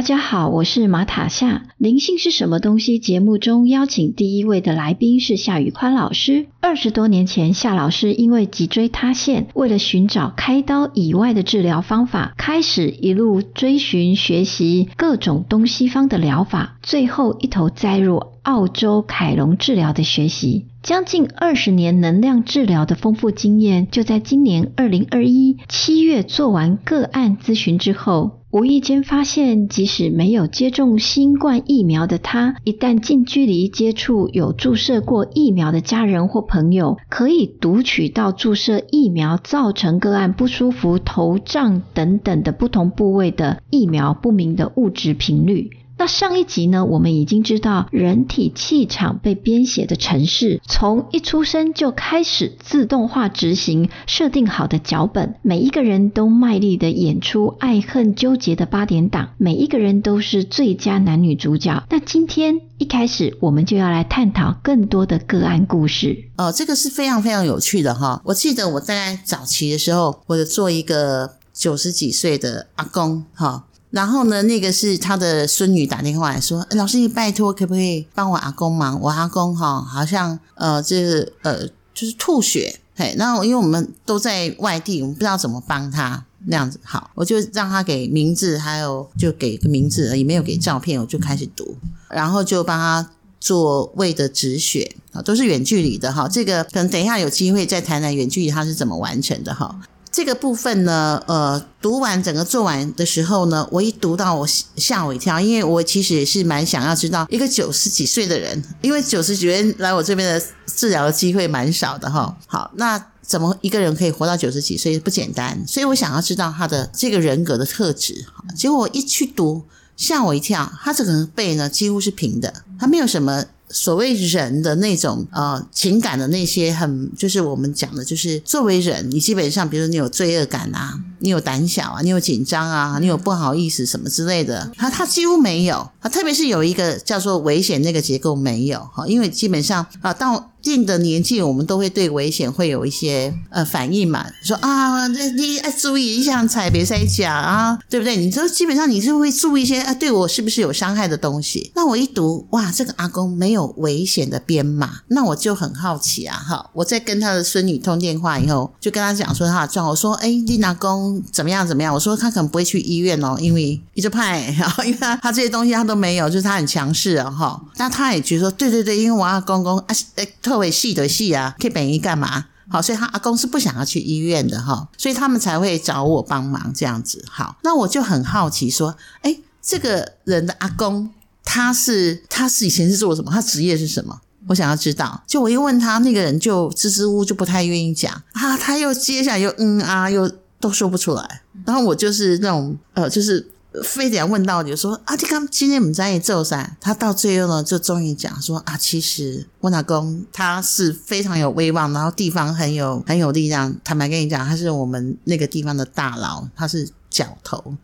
大家好，我是馬塔夏。靈性是什麼東西？節目中邀請第一位的來賓是夏宇寬老師。二十多年前，夏老師因為脊椎塌陷，為了尋找開刀以外的治療方法，開始一路追尋學習各種東西方的療法，最後一頭栽入澳洲凱龍治療的學習。將近二十年能量治療的豐富經驗，就在今年二零二一七月做完個案諮詢之後，無意間發現，即使沒有接種新冠疫苗的他，一旦近距離接觸有注射過疫苗的家人或朋友，可以讀取到注射疫苗造成個案不舒服、頭脹等等的不同部位的疫苗不明的物質頻率。那上一集呢，我們已經知道，人體氣場被編寫的程式，從一出生就開始自動化執行設定好的腳本，每一個人都賣力的演出愛恨糾結的八點檔，每一個人都是最佳男女主角。那今天一開始，我們就要來探討更多的個案故事。哦、呃，這個是非常非常有趣的哈。我記得我在早期的時候，我在做一個九十幾歲的阿公哈。然後呢，那個是他的孫女打電話來說：“誒老師，你拜託，可不可以幫我阿公忙？我阿公哈、哦、好像呃，就是呃就是吐血。嘿然後因為我們都在外地，我們不知道怎麼幫他那樣子。好，我就讓他給名字，還有就給個名字而已，也沒有給照片。我就開始讀，然後就幫他做胃的止血。都是遠距離的哈。這個可能等一下有機會再談談遠距離他是怎麼完成的哈。”這個部分呢，呃，讀完整個做完的時候呢，我一讀到我嚇我一跳，因為我其實也是蠻想要知道一個九十幾歲的人，因為九十幾歲來我這邊的治療的機會蠻少的哈、哦。好，那怎麼一個人可以活到九十幾歲不簡單？所以我想要知道他的這個人格的特質。結果我一去讀，嚇我一跳，他整個背呢幾乎是平的，他沒有什麼。所謂人的那種呃情感的那些很，就是我們講的，就是作為人，你基本上，比如說你有罪惡感啊，你有膽小啊，你有緊張啊，你有不好意思什麼之類的，他他幾乎沒有，啊，特別是有一個叫做危險那個結構沒有，哈，因為基本上啊到。呃定的年紀，我們都會對危險會有一些呃反應嘛，說啊，那你要注意一下，踩別塞腳啊，對不對？你就基本上你是會注意一些呃、啊、對我是不是有傷害的東西。那我一讀哇，這個阿公沒有危險的編碼，那我就很好奇啊，哈、哦！我在跟他的孫女通電話以後，就跟他講說他的狀況，我說哎、欸，你阿公怎麼樣怎麼樣？我說他可能不會去醫院哦，因為一直怕、欸，因為他這些東西他都沒有，就是他很強勢啊、哦，哈。那他也覺得說對對對，因為我阿公公啊，哎哎特衛系的系啊，可以便宜幹嘛？好，所以他阿公是不想要去醫院的哈，所以他們才會找我幫忙這樣子。好，那我就很好奇說，哎、欸，這個人的阿公，他是他是以前是做什麼？他職業是什麼？我想要知道。就我一問他那個人就，就支支吾吾，就不太願意講啊，他又接下來又嗯啊，又都說不出來。然後我就是那種呃，就是。非得要問到底說，說啊，你看今天我們在一里做噻。他到最後呢，就終於講說啊，其實我老公他是非常有威望，然後地方很有很有力量。坦白跟你講，他是我們那個地方的大佬，他是角頭，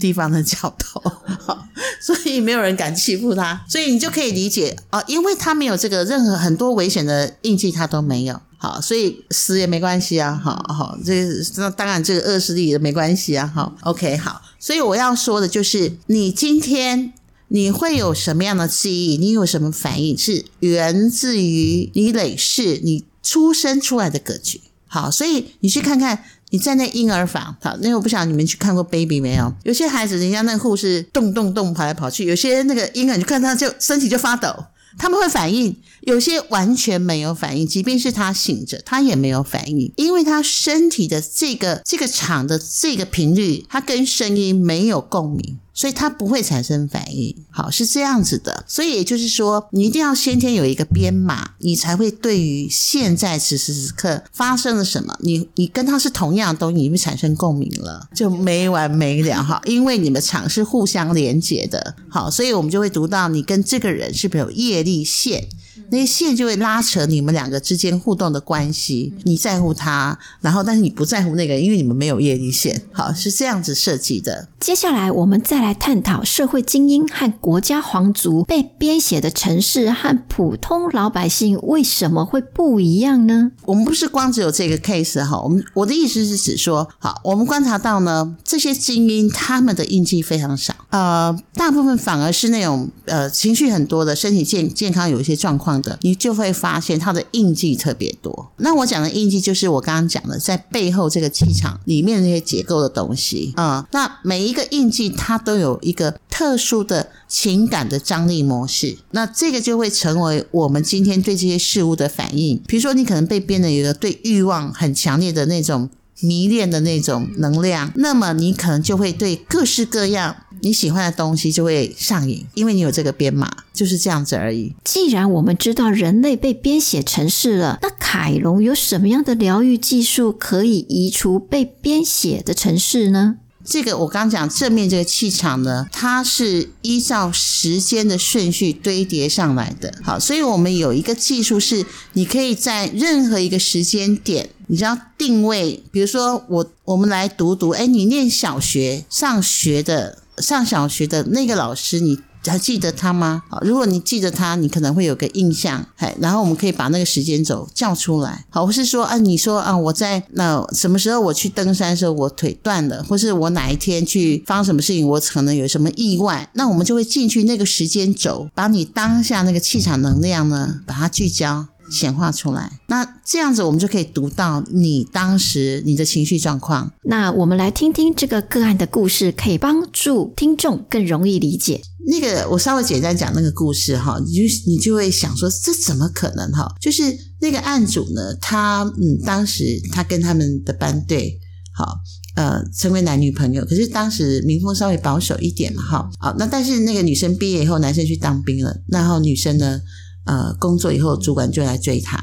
地方的角頭。嗯、 所以沒有人敢欺負他，所以你就可以理解啊，因為他沒有這個任何很多危險的印記，他都沒有。好，所以死也沒關係啊，好好，這那當然這個惡勢力也沒關係啊，好，OK，好，所以我要說的就是，你今天你會有什麼樣的記憶，你有什麼反應，是源自於你累世你出生出來的格局。好，所以你去看看，你站在那嬰兒房，好，那我不曉得你們去看過 baby 沒有？有些孩子，人家那個護士動動動跑來跑去，有些那個嬰兒，你看他就身體就發抖，他們會反應。有些完全沒有反應，即便是他醒着，他也沒有反應，因為他身體的這個這個場的這個頻率，它跟聲音沒有共鳴，所以它不會產生反應。好，是這樣子的，所以也就是說，你一定要先天有一個編碼，你才會對於現在此時此刻發生了什麼，你你跟他是同樣的東西，你會產生共鳴了，就沒完沒了哈。因為你們場是互相連接的，好，所以我們就會讀到你跟這個人是不是有業力線。那些線就會拉扯你們兩個之間互動的關係。你在乎他，然後但是你不在乎那個人，因為你們沒有業力線。好，是這樣子設計的。接下來我們再來探討社會精英和國家皇族被編寫的程式和普通老百姓為什麼會不一樣呢？我們不是光只有這個 case 哈，我們我的意思是指說，好，我們觀察到呢，這些精英他們的印記非常少，呃，大部分反而是那種呃情緒很多的，身體健健康有一些狀況。你就會發現它的印記特別多。那我講的印記，就是我剛剛講的，在背後這個氣場裡面的那些結構的東西啊、嗯。那每一個印記，它都有一個特殊的情感的張力模式。那這個就會成為我們今天對這些事物的反應。比如說，你可能被編了有一個對慾望很強烈的那種迷戀的那種能量，那麼你可能就會對各式各樣。你喜歡的東西就會上癮，因為你有這個編碼，就是這樣子而已。既然我們知道人類被編寫程式了，那凱龍有什麼樣的療癒技術可以移除被編寫的程式呢？這個我剛講正面這個氣場呢，它是依照時間的順序堆疊上來的。好，所以我們有一個技術是，你可以在任何一個時間點，你只要定位，比如說我，我們來讀讀，誒，你念小學上學的。上小學的那個老師，你還記得他嗎？如果你記得他，你可能會有個印象。哎，然後我們可以把那個時間軸叫出來。好，不是說啊，你說啊，我在那、啊、什麼時候我去登山的時候，我腿斷了，或是我哪一天去發生什麼事情，我可能有什麼意外，那我們就會進去那個時間軸，把你當下那個氣場能量呢，把它聚焦。顯化出來，那這樣子我們就可以讀到你當時你的情緒狀況。那我們來聽聽這個個案的故事，可以幫助聽眾更容易理解。那個我稍微簡單講那個故事哈，你就你就會想說這怎麼可能哈？就是那個案主呢，他嗯當時他跟他們的班對好呃成為男女朋友，可是當時民風稍微保守一點嘛，哈。好，那但是那個女生畢業以後，男生去當兵了，然後女生呢？呃，工作以後，主管就來追她，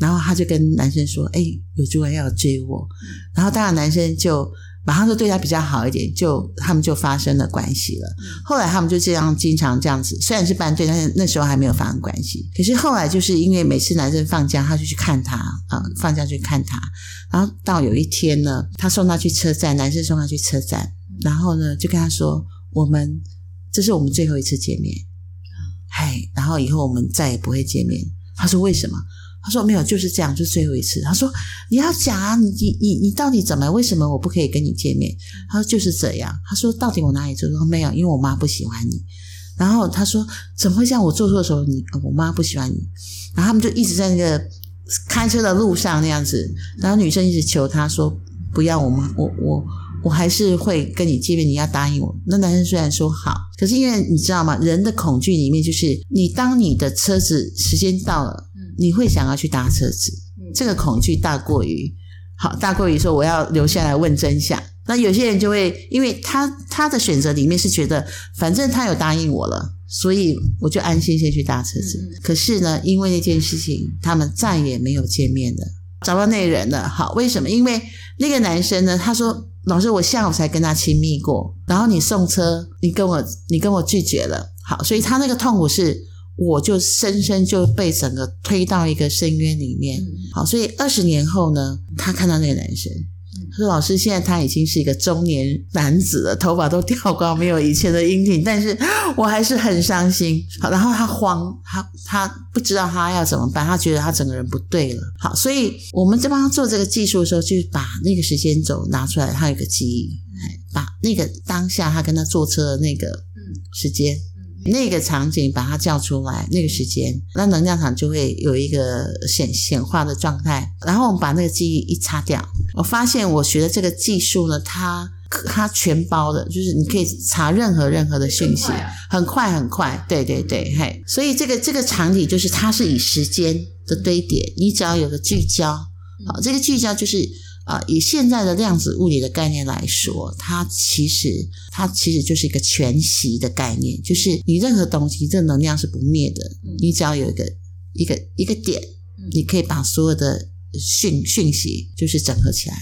然後她就跟男生說：“哎、欸，有主管要追我。”然後，當然男生就馬上就對她比較好一點，就他們就發生了關係了。後來他們就這樣經常這樣子，雖然是班對，但是那時候還沒有發生關係。可是後來就是因為每次男生放假，他就去看她，啊、呃，放假去看她，然後到有一天呢，他送她去車站，男生送她去車站，然後呢就跟她說：“我們這是我們最後一次見面。”哎，然後以後我們再也不會見面。他說為什麼？他說沒有，就是這樣，就是最後一次。他說你要講啊，你你你你到底怎麼？為什麼我不可以跟你見面？他說就是這樣。他說到底我哪裡做錯？沒有，因為我媽不喜歡你。然後他說怎麼會這樣？我做錯的時候，你我媽不喜歡你。然後他們就一直在那個開車的路上那樣子，然後女生一直求他說不要，我媽，我我。我還是會跟你見面，你要答應我。那男生雖然說好，可是因為你知道嗎？人的恐懼裡面就是，你當你的車子時間到了，你會想要去搭車子。這個恐懼大過於，好，大過於說我要留下來問真相。那有些人就會，因為他他的選擇裡面是覺得，反正他有答應我了，所以我就安心先去搭車子。可是呢，因為那件事情，他們再也沒有見面了，找到那人了。好，為什麼？因為那個男生呢，他說。老師，我下午才跟他親密過，然後你送車，你跟我，你跟我拒絕了，好，所以他那個痛苦是，我就深深就被整個推到一個深淵裡面，嗯、好，所以二十年後呢，他看到那個男生。說老師，現在他已經是一個中年男子了，頭髮都掉光，沒有以前的英俊，但是我還是很傷心。好，然後他慌，他他不知道他要怎麼辦，他覺得他整個人不對了。好，所以我們在幫他做這個技術的時候，就把那個時間軸拿出來，他有個記憶，把那個當下他跟他坐車的那個時間。嗯那個場景把它叫出來，那個時間，那能量場就會有一個顯顯化的狀態。然後我們把那個記憶一擦掉，我發現我學的這個技術呢，它它全包的，就是你可以查任何任何的訊息、嗯，很快啊，很快很快。對對對，嘿，所以這個這個場景就是它是以時間的堆疊，你只要有個聚焦，好、哦，這個聚焦就是。啊、呃，以現在的量子物理的概念來說，它其實它其實就是一個全息的概念，就是你任何東西，這能量是不滅的。你只要有一個一個一個點，你可以把所有的訊訊息就是整合起來。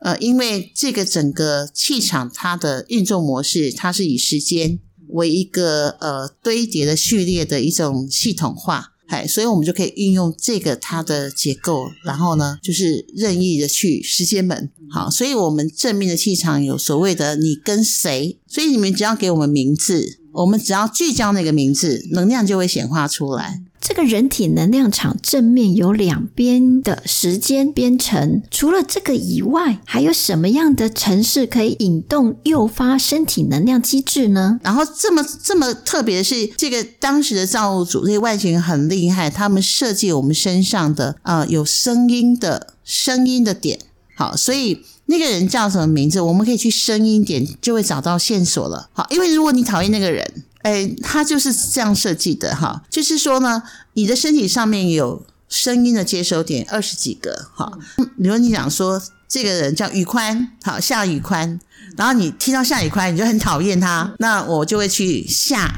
呃，因為這個整個氣場它的運作模式，它是以時間為一個呃堆疊的序列的一種系統化。哎，所以我們就可以運用這個它的結構，然後呢，就是任意的去時間門。好，所以我們正面的氣場有所謂的你跟誰，所以你們只要給我們名字，我們只要聚焦那個名字，能量就會顯化出來。這個人體能量場正面有兩邊的時間編程，除了這個以外，還有什麼樣的程式可以引動、誘發身體能量機制呢？然後這麼這麼特別是，是這個當時的造物主這些、個、外星人很厲害，他們設計我們身上的啊、呃、有聲音的聲音的點。好，所以。那個人叫什麼名字，我們可以去聲音點，就會找到線索了。好，因為如果你討厭那個人，誒、欸，他就是這樣設計的哈。就是說呢，你的身體上面有聲音的接收點二十幾個哈。比如你講說，這個人叫宇寬，好夏雨寬，然後你聽到夏雨寬，你就很討厭他，那我就會去夏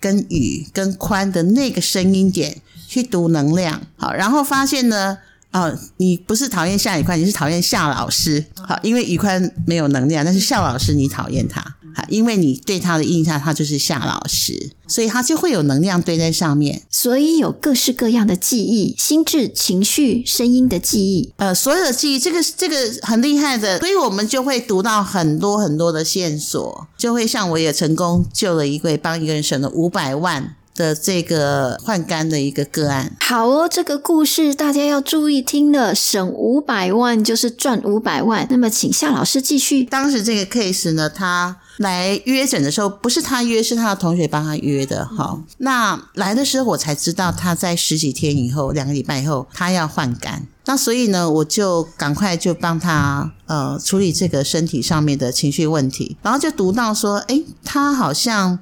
跟雨跟寬的那個聲音點去讀能量，好，然後發現呢。哦，你不是討厭夏以寬，你是討厭夏老師。好，因為宇寬沒有能量，但是夏老師你討厭他。好，因為你對他的印象，他就是夏老師，所以他就會有能量堆在上面，所以有各式各樣的記憶、心智、情緒、聲音的記憶，呃，所有的記憶，這個這個很厲害的，所以我們就會讀到很多很多的線索，就會像我也成功救了一位，幫一個人省了五百萬。的這個換肝的一個個案，好哦，這個故事大家要注意聽了，省五百萬就是賺五百萬。那麼，請夏老師繼續。當時這個 case 呢，他來約診的時候，不是他約，是他的同學幫他約的。好，嗯、那來的時候我才知道，他在十幾天以後，兩個禮拜以後，他要換肝。那所以呢，我就趕快就幫他呃處理這個身體上面的情緒問題，然後就讀到說，哎，他好像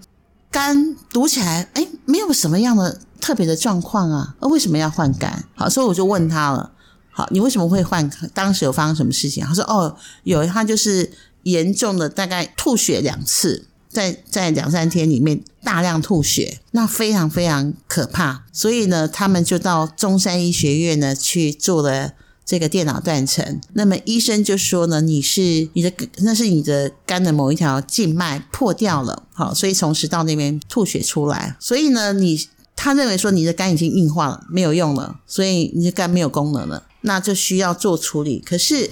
肝堵起來，哎，沒有什麼樣的特別的狀況啊？那為什麼要換肝？好，所以我就問他了。好，你為什麼會換肝？當時有發生什麼事情？他說：哦，有一他就是嚴重的，大概吐血兩次，在在兩三天裡面大量吐血，那非常非常可怕。所以呢，他們就到中山醫學院呢去做了這個電腦斷層。那麼醫生就說呢，你是你的那是你的肝的某一條靜脈破掉了。所以從食道那邊吐血出來，所以呢，你他認為說你的肝已經硬化了，沒有用了，所以你的肝沒有功能了，那就需要做處理。可是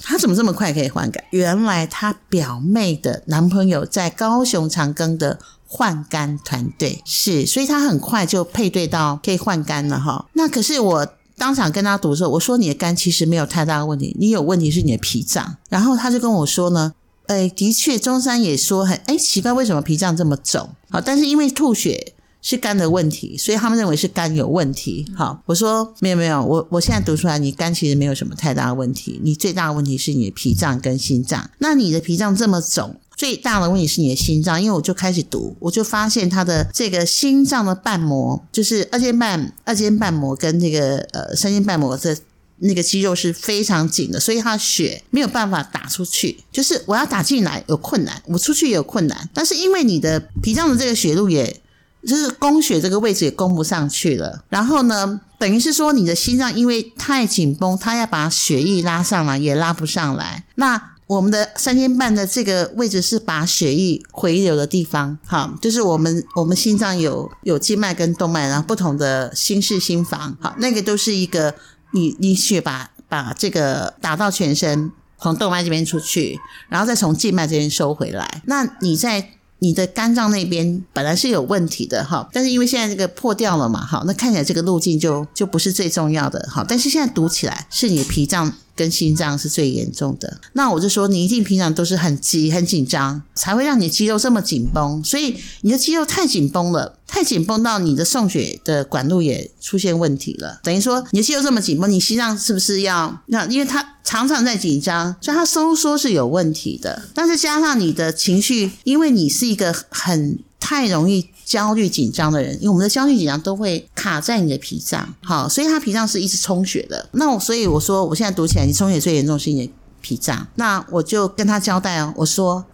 他怎麼這麼快可以換肝？原來他表妹的男朋友在高雄長庚的換肝團隊是，所以他很快就配對到可以換肝了哈。那可是我當場跟他讀的時候，我說你的肝其實沒有太大的問題，你有問題是你的脾臟。然後他就跟我說呢。哎，的確，中山也說很哎奇怪，為什麼脾臟這麼腫？好，但是因為吐血是肝的問題，所以他們認為是肝有問題。好，我說沒有沒有，我我現在讀出來，你肝其實沒有什麼太大的問題，你最大的問題是你的脾臟跟心臟。那你的脾臟這麼腫，最大的問題是你的心臟，因為我就開始讀，我就發現他的這個心臟的瓣膜，就是二尖瓣、二尖瓣膜跟這個呃三尖瓣膜這。那個肌肉是非常緊的，所以它血沒有辦法打出去，就是我要打進來有困難，我出去也有困難。但是因為你的脾臟的這個血路也，就是供血這個位置也供不上去了。然後呢，等於是說你的心臟因為太緊繃，它要把血液拉上來也拉不上來。那我們的三尖瓣的這個位置是把血液回流的地方，好，就是我們我們心臟有有靜脈跟動脈，然後不同的心室心房，好，那個都是一個，你你去把把這個打到全身，從動脈這邊出去，然後再從靜脈這邊收回來。那你在你的肝臟那邊本來是有問題的哈，但是因為現在這個破掉了嘛哈，那看起來這個路徑就就不是最重要的哈。但是現在堵起來是你的脾臟。跟心臟是最嚴重的，那我就說你一定平常都是很急、很緊張，才會讓你肌肉這麼緊繃。所以你的肌肉太緊繃了，太緊繃到你的送血的管路也出現問題了。等於說你的肌肉這麼緊繃，你心臟是不是要？那因為它常常在緊張，所以它收縮是有問題的。但是加上你的情緒，因為你是一個很太容易。焦慮緊張的人，因為我們的焦慮緊張都會卡在你的脾臟，好，所以他脾臟是一直充血的。那我所以我說，我現在讀起來，你充血最嚴重是你的脾臟。那我就跟他交代哦、喔，我說。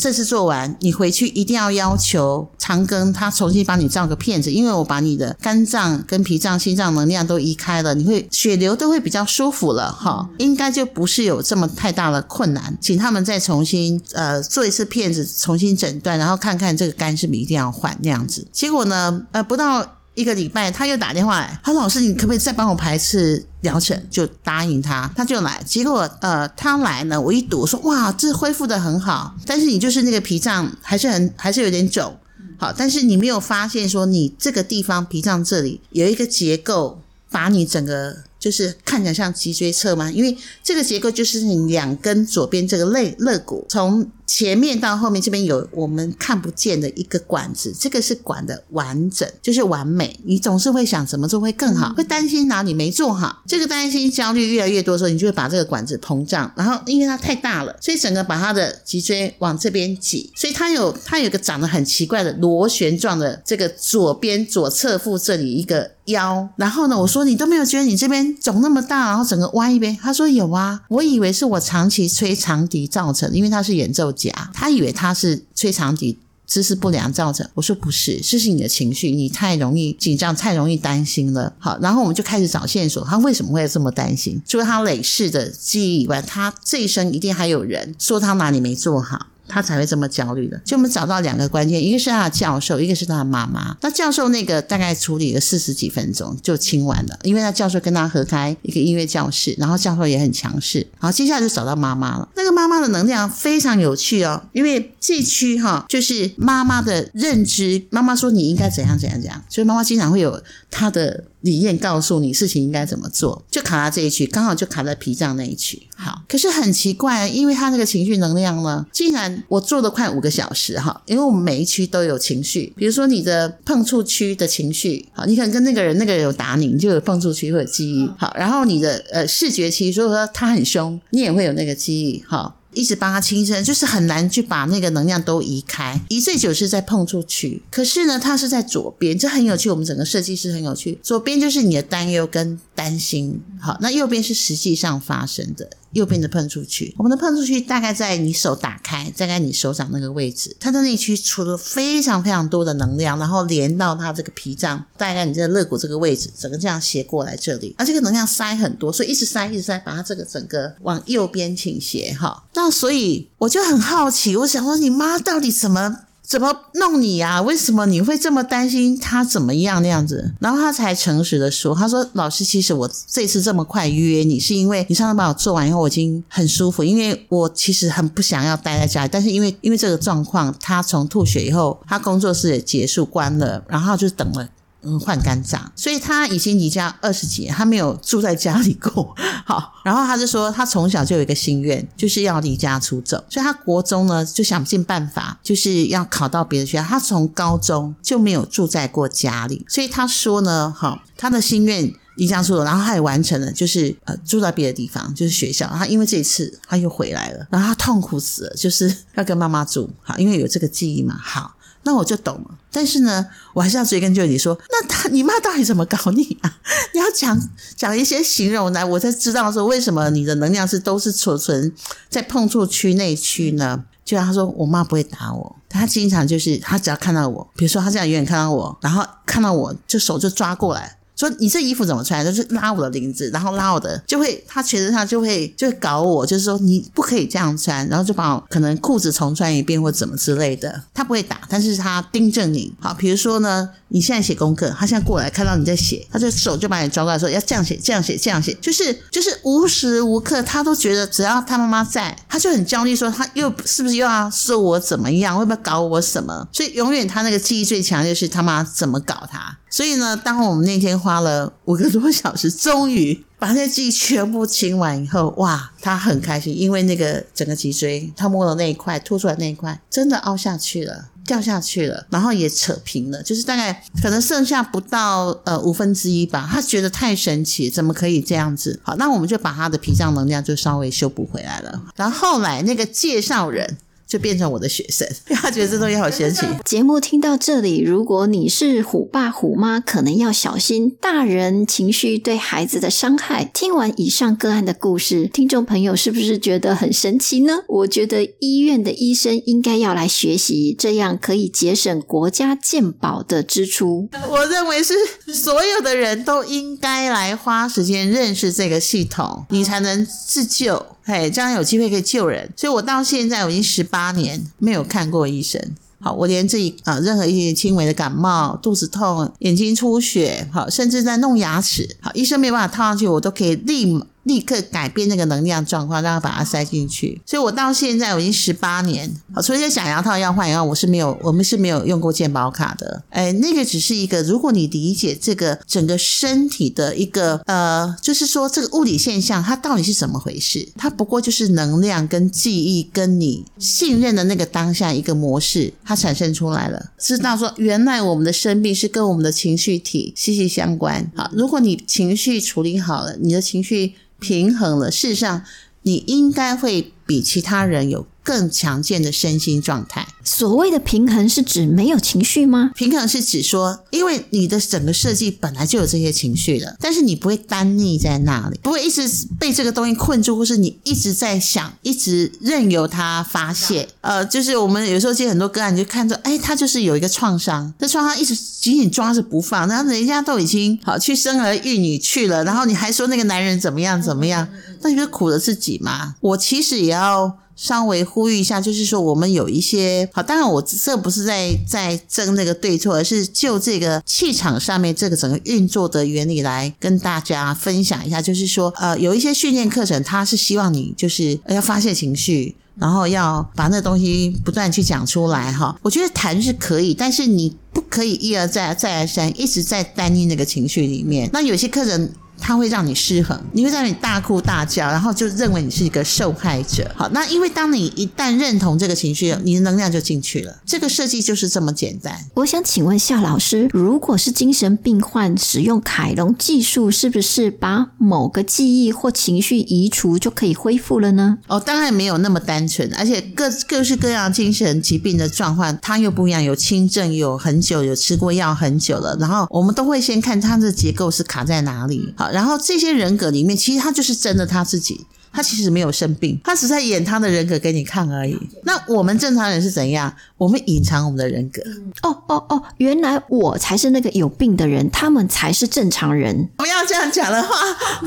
這次做完，你回去一定要要求長庚他重新幫你照個片子，因為我把你的肝臟跟脾臟、心臟能量都移開了，你會血流都會比較舒服了哈，應該就不是有這麼太大的困難，請他們再重新，呃，做一次片子，重新診斷，然後看看這個肝是不是一定要換那樣子。結果呢，呃，不到，一個禮拜，他又打電話來，他說：“老師，你可不可以再幫我排次療程？”就答應他，他就來。結果呃，他來呢，我一讀，我說：“哇，這恢復得很好，但是你就是那個脾臟還是很還是有點腫，好，但是你沒有發現說你這個地方脾臟這裡有一個結構，把你整個就是看起來像脊椎側彎？因為這個結構就是你兩根左邊這個肋肋骨從。”前面到後面這邊有我們看不見的一個管子，這個是管的完整，就是完美。你總是會想怎麼做會更好，會擔心哪裡沒做好。這個擔心焦慮越來越多的時候，你就會把這個管子膨脹，然後因為它太大了，所以整個把它的脊椎往這邊擠。所以它有它有一個長得很奇怪的螺旋狀的這個左邊左側腹這裡一個腰。然後呢，我說你都沒有覺得你這邊腫那麼大，然後整個歪一邊。他說有啊，我以為是我長期吹長笛造成，因為它是演奏機。他以為他是吹長笛姿勢不良造成，我說不是，這是你的情緒，你太容易緊張，太容易擔心了。好，然後我們就開始找線索，他為什麼會這麼擔心？除了他累世的記憶以外，他這一生一定還有人說他哪裡沒做好。他才會這麼焦慮的。就我們找到兩個關鍵，一個是他的教授，一個是他的媽媽。那教授那個大概處理了四十幾分鐘就清完了，因為他教授跟他合開一個音樂教室，然後教授也很強勢。好，接下來就找到媽媽了。那個媽媽的能量非常有趣哦，因為這一區哈哦，就是媽媽的認知，媽媽說你應該怎樣怎樣怎樣，所以媽媽經常會有她的。理念告訴你事情應該怎麼做，就卡在這一區，剛好就卡在脾臟那一區。好，可是很奇怪，因為他那個情緒能量呢，竟然我做了快五個小時哈，因為我們每一區都有情緒，比如說你的碰觸區的情緒，好，你可能跟那個人，那個人有打你，你就有碰觸區會有記憶，嗯。好，然後你的呃視覺區，如果說他很凶，你也會有那個記憶。哈。一直幫他輕生，就是很難去把那個能量都移開。一醉酒是在碰出去，可是呢，他是在左邊，這很有趣。我們整個設計是很有趣，左邊就是你的擔憂跟擔心。好，那右邊是實際上發生的。右邊的碰觸區，我們的碰觸區大概在你手打開，大概在你手掌那個位置，它的內區除了非常非常多的能量，然後連到它這個脾臟，大概你這個肋骨這個位置，整個這樣斜過來這裡，而這個能量塞很多，所以一直塞一直塞，把它這個整個往右邊傾斜哈。那所以我就很好奇，我想說你媽到底怎麼？怎麼弄你呀、啊？為什麼你會這麼擔心他怎麼樣那樣子？然後他才誠實的說：“他說老師，其實我這次這麼快約你，是因為你上次幫我做完以後，我已經很舒服，因為我其實很不想要待在家裡。但是因為因為這個狀況，他從吐血以後，他工作室也結束關了，然後就等了。”嗯，換肝臟，所以他已經離家二十幾年，他沒有住在家裡過。好，然後他就說，他從小就有一個心願，就是要離家出走。所以他國中呢就想盡辦法，就是要考到別的學校。他從高中就沒有住在過家裡，所以他說呢，好，他的心願離家出走，然後他也完成了，就是呃住在別的地方，就是學校。然後他因為這一次他又回來了，然後他痛苦死了，就是要跟媽媽住。好，因為有這個記憶嘛。好。那我就懂了，但是呢，我還是要追根究底，說那他你媽到底怎麼搞你啊？你要講講一些形容來，我才知道說為什麼你的能量是都是儲存在碰觸區內區呢？就像他說，我媽不會打我，他經常就是他只要看到我，比如說他這樣遠遠看到我，然後看到我就手就抓過來。說你這衣服怎麼穿？就是拉我的領子，然後拉我的，就會他覺得他就會就會搞我，就是說你不可以這樣穿，然後就把我可能褲子重穿一遍或怎麼之類的。他不會打，但是他盯着你。好，比如說呢，你現在寫功課，他現在過來看到你在寫，他就手就把你抓過來說要這樣寫，這樣寫，這樣寫，這樣寫，就是就是無時無刻他都覺得只要他媽媽在，他就很焦慮，說他又是不是又要說我怎麼樣，會不會搞我什麼？所以永遠他那個記憶最強就是他媽怎麼搞他。所以呢，當我們那天畫。花了五個多小時，終於把那記憶全部清完以後，哇，他很開心，因為那個整個脊椎，他摸了那一塊凸出來那一塊，真的凹下去了，掉下去了，然後也扯平了，就是大概可能剩下不到呃五分之一吧。他覺得太神奇，怎麼可以這樣子？好，那我們就把他的脾臟能量就稍微修補回來了。然後後來那個介紹人，就變成我的學生，他覺得這東西好神奇。節目聽到這裡，如果你是虎爸虎媽，可能要小心大人情緒對孩子的傷害。聽完以上個案的故事，聽眾朋友是不是覺得很神奇呢？我覺得醫院的醫生應該要來學習，這樣可以節省國家健保的支出。我認為是所有的人都應該來花時間認識這個系統，你才能自救，嘿，將來有機會可以救人。所以我到現在我已經十八、八年沒有看過醫生，好，我連自己啊任何一些輕微的感冒、肚子痛、眼睛出血，好，甚至在弄牙齒，好，醫生沒辦法套上去，我都可以立馬。立刻改變那個能量狀況，讓它把它塞進去。所以我到現在我已經十八年，除了假牙套要換以外，我是沒有，我們是沒有用過健保卡的。哎、欸，那個只是一個，如果你理解這個整個身體的一個呃，就是說這個物理現象它到底是怎麼回事？它不過就是能量跟記憶跟你信任的那個當下一個模式，它產生出來了。知道說，原來我們的生命是跟我們的情緒體息息相關。好，如果你情緒處理好了，你的情緒。平衡了，事實上，你應該會比其他人有更多。更強健的身心狀態。所謂的平衡是指沒有情緒嗎？平衡是指說，因為你的整個設計本來就有這些情緒的，但是你不會耽溺在那裡，不會一直被這個東西困住，或是你一直在想，一直任由他發洩、嗯。呃，就是我們有時候接很多個案，你就看着，誒、欸、他就是有一個創傷，那創傷一直緊緊抓着不放，然後人家都已經好去生兒育女去了，然後你還說那個男人怎麼樣怎麼樣，嗯、那你不是苦了自己嗎？我其實也要。稍微呼籲一下，就是說我們有一些，好，當然我這不是在在爭那個對錯，而是就這個氣場上面這個整個運作的原理來跟大家分享一下，就是說呃有一些訓練課程，他是希望你就是要發洩情緒，然後要把那東西不斷去講出來哈。我覺得談是可以，但是你不可以一而再，再而三，一直在單一那個情緒裡面。那有些課程，它會讓你失衡，你會讓你大哭大叫，然後就認為你是一個受害者。好，那因為當你一旦認同這個情緒，你的能量就進去了。這個設計就是這麼簡單。我想請問夏老師，如果是精神病患使用凱龍技術，是不是把某個記憶或情緒移除就可以恢復了呢？哦，當然沒有那麼單純，而且各各式各樣精神疾病的狀況，它又不一樣，有輕症，有很久，有吃過藥很久了，然後我們都會先看它的結構是卡在哪裡。好。然後這些人格裡面，其實他就是真的他自己，他其實沒有生病，他只是在演他的人格給你看而已。那我們正常人是怎樣？我們隱藏我們的人格。哦哦哦，原來我才是那個有病的人，他們才是正常人。不要這樣講的話，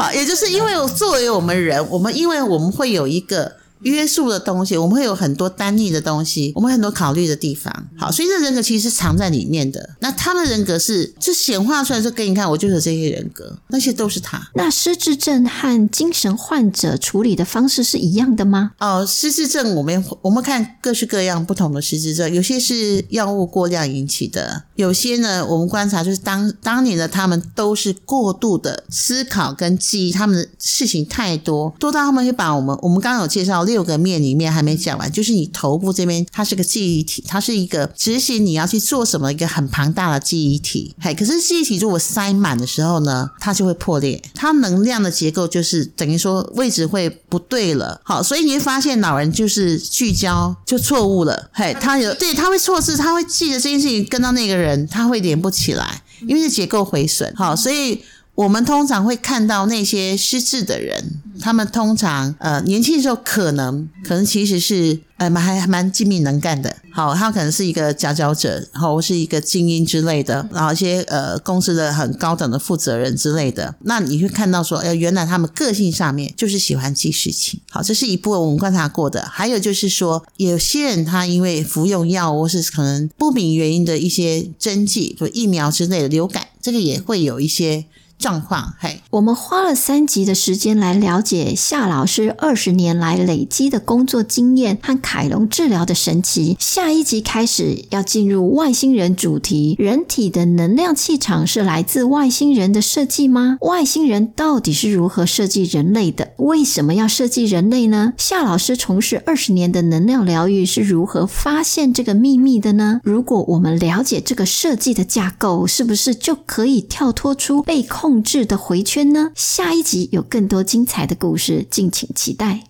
好，也就是因為我作為我們人，我們因為我們會有一個。約束的東西，我們會有很多單逆的東西，我們很多考慮的地方。好，所以這人格其實是藏在裡面的。那他的人格是這顯化出來，說給你看，我就是這些人格，那些都是他。那失智症和精神患者處理的方式是一樣的嗎？哦，失智症，我們我們看各式各樣不同的失智症，有些是藥物過量引起的，有些呢，我們觀察就是當當年的他們都是過度的思考跟記憶，他們的事情太多，多到他們就把我們我們剛剛有介紹六個面裡面還沒講完，就是你頭部這邊，它是個記憶體，它是一個執行你要去做什麼一個很龐大的記憶體。嘿，可是記憶體如果塞滿的時候呢，它就會破裂，它能量的結構就是等於說位置會不對了。好，所以你會發現老人就是聚焦就錯誤了。哎，他有，對，他會錯事，他會記得這件事情跟到那個人，他會連不起來，因為是結構毀損。好，所以。我們通常會看到那些失智的人，他們通常呃年輕的時候可能可能其實是哎蠻、呃、還，還蠻精明能幹的。好，他可能是一個佼佼者，然後或是一個精英之類的，然後一些呃公司的很高等的負責人之類的。那你會看到說，哎、呃，原來他們個性上面就是喜歡記事情。好，這是一部分我們觀察過的。還有就是說，有些人他因為服用藥物是可能不明原因的一些針劑或疫苗之類的流感，這個也會有一些。狀況嘿，我們花了三集的時間來了解夏老師二十年來累積的工作經驗和凱龍治療的神奇。下一集開始要進入外星人主題：人體的能量氣場是來自外星人的設計嗎？外星人到底是如何設計人類的？為什麼要設計人類呢？夏老師從事二十年的能量療癒是如何發現這個秘密的呢？如果我們了解這個設計的架構，是不是就可以跳脫出被控？控、嗯、製的回圈呢？下一集有更多精彩的故事，敬請期待。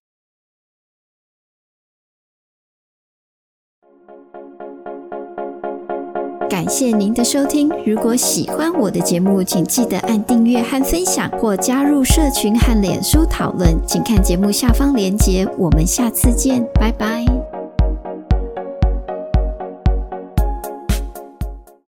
感謝您的收聽，如果喜歡我的節目，請記得按訂閱和分享，或加入社群和臉書討論。請看節目下方連結，我們下次見，拜拜。